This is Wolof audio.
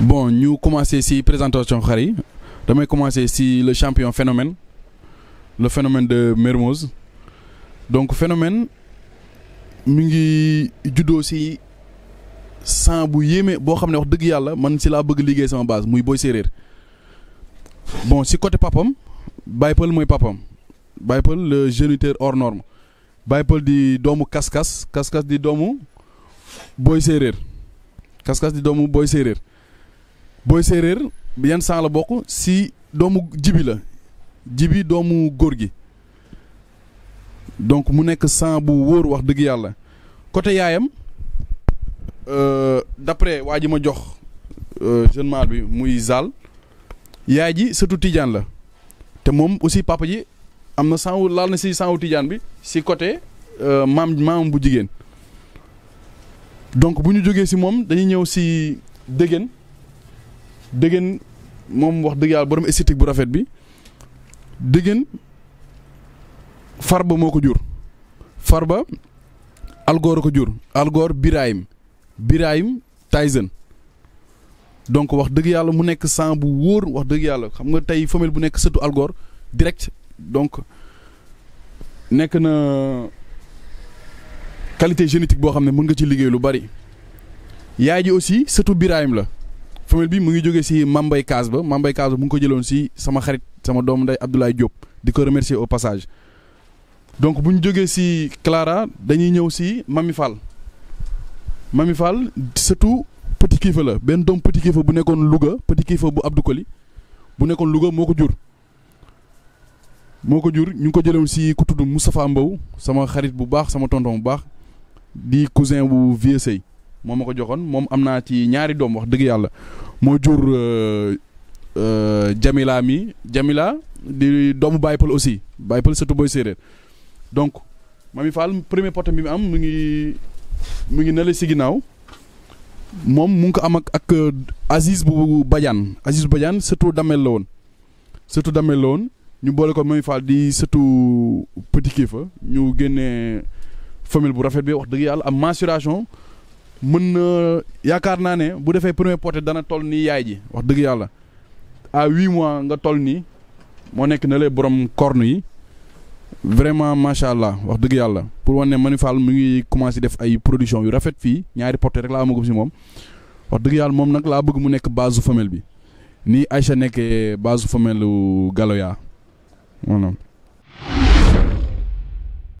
bon nous commencer ici présentation Khari. yi commencer ici le champion phénomène le phénomène de Mermoz donc phénomène judo judo juddoo sans sang bu yéeme boo xam ne wax dëgg yàlla man ci laa bëgg liggéey sama base muy boy-serrer. bon si côté papam Baye Peul est papam Baye le géniteur hors norme Baye Peul di doomu Kaskas Kaskas di doomu serrer, cascas Kaskas di doomu serrer booy séeréer yan sang la bokk si doomu jibi la jibi doomu góor gi donc mu nekk sang bu wóor wax dëgg yàlla côté yaayam euh, d'après waa ji ma jox euh, jeune mâle bi muy Zal yaay ji surtout Tidiane la te moom aussi papa ji am na sangu laal na si sangu Tidiane bi si côté euh, maam maam bu jigéen donc bu ñu jógee si moom dañuy ñëw si dëggeen dëggeen moom wax dëgg yàlla borom esthétique bu rafet bi dëggeen Farba moo ko jur far Farba Algoor ko jur algor Birahim Birahim Tyson donc wax dëgg yàlla mu nekk sang bu wóor wax dëgg yàlla xam nga tey famille bu nekk sëtu Algoor direct donc nekk na qualité génétique boo xam ne mën nga ci liggéey lu bari yaay ji aussi sëtu Birahim la. famille bi mu ngi jógee si Mambay Kaas ba Mambay Kaas ba mu ngi ko jëloon si sama xarit sama doomu nday Abdoulaye Diop di ko remercier au passage donc buñ ñu jógee si Clara dañuy ñëw si Mami Fall Mami Fall surtout petit kiifa la benn doom petit kiifa bu nekkoon Louga petit kiifa bu Abdou Koli bu nekkoon Louga moo ko jur. moo ko jur ñu ngi ko jëloon si ku tudd Moustapha Mbow sama xarit bu baax sama tonton bu baax di cousin bu vieux sey moom ma joxoon moom am naa ci ñaari doom wax dëgg yàlla moo jur euh, euh, Jamila mi Jamila di doomu Baye Paul aussi Baye Paul surtout booy séeréer donc Mami Fall premier pote bi am mu ngi mu ngi nale si ginnaaw moom mu ngi ko am ak ak euh, Aziz bu Badiane Aziz bu Badiane surtout damel la woon surtout damel la woon ñu boole ko Mami Fall di surtout petit kii fa ñu génnee famille bu rafet bi wax dëgg yàlla am mensuration mën na yaakaar naa ne bu defee première portée dana toll nii yaay ji wax dëgg yàlla à huit mois nga toll nii moo nekk na lay borom corne yi vraiment macha allah wax dëgg yàlla pour wane ne Manifal mu ngi commencé def ay production yu rafet fii ñaari portée rek laa amagum si moom wax dëgg yàlla moom nag laa bëgg mu nekk base su femelle bi nii Aïcha nekkee base su femelle Galoya